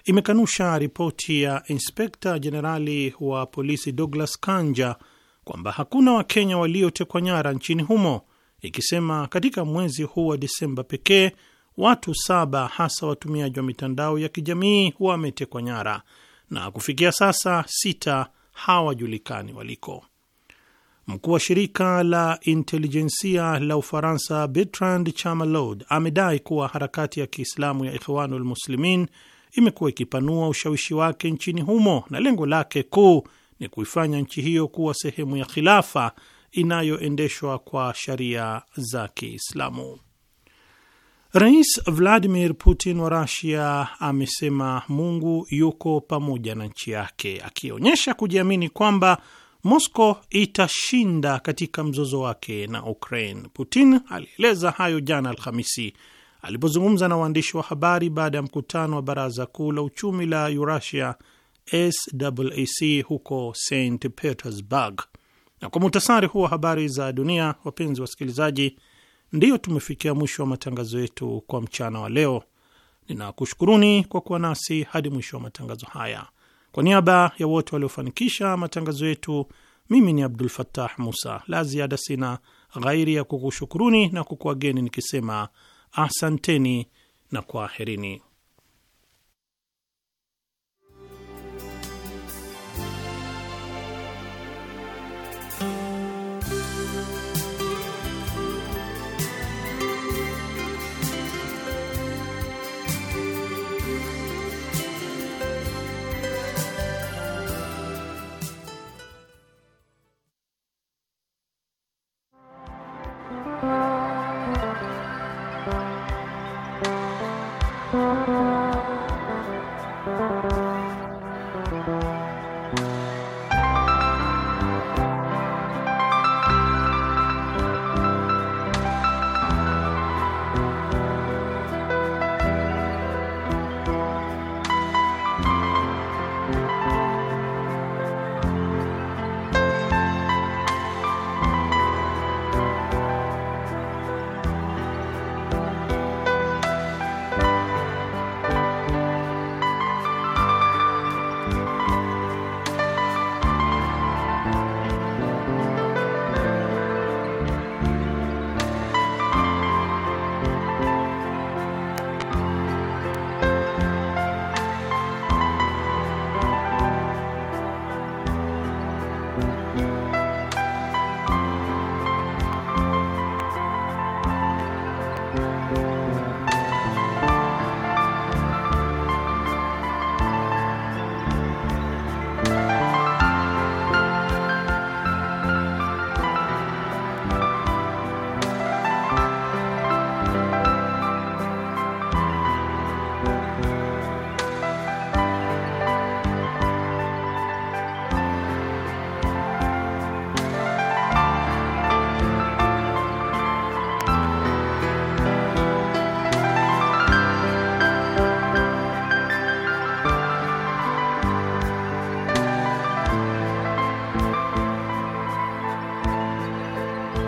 imekanusha ripoti ya inspekta jenerali wa polisi Douglas Kanja kwamba hakuna Wakenya waliotekwa nyara nchini humo, ikisema katika mwezi huu wa Disemba pekee watu saba, hasa watumiaji wa mitandao ya kijamii, wametekwa nyara na kufikia sasa sita hawajulikani waliko. Mkuu wa shirika la intelijensia la Ufaransa Bertrand Chamalod amedai kuwa harakati ya Kiislamu ya Ikhwanul Muslimin imekuwa ikipanua ushawishi wake nchini humo na lengo lake kuu ni kuifanya nchi hiyo kuwa sehemu ya khilafa inayoendeshwa kwa sharia za Kiislamu. Rais Vladimir Putin wa Rasia amesema Mungu yuko pamoja na nchi yake, akionyesha kujiamini kwamba Moscow itashinda katika mzozo wake na Ukraine. Putin alieleza hayo jana Alhamisi alipozungumza na waandishi wa habari baada ya mkutano wa Baraza Kuu la Uchumi la Eurasia SWAC huko St Petersburg. Na kwa muhtasari huo habari za dunia, wapenzi wasikilizaji Ndiyo tumefikia mwisho wa matangazo yetu kwa mchana wa leo. Ninakushukuruni kwa kuwa nasi hadi mwisho wa matangazo haya. Kwa niaba ya wote waliofanikisha matangazo yetu, mimi ni Abdul Fattah Musa. La ziada sina ghairi ya kukushukuruni na kukuageni nikisema asanteni na kwaherini.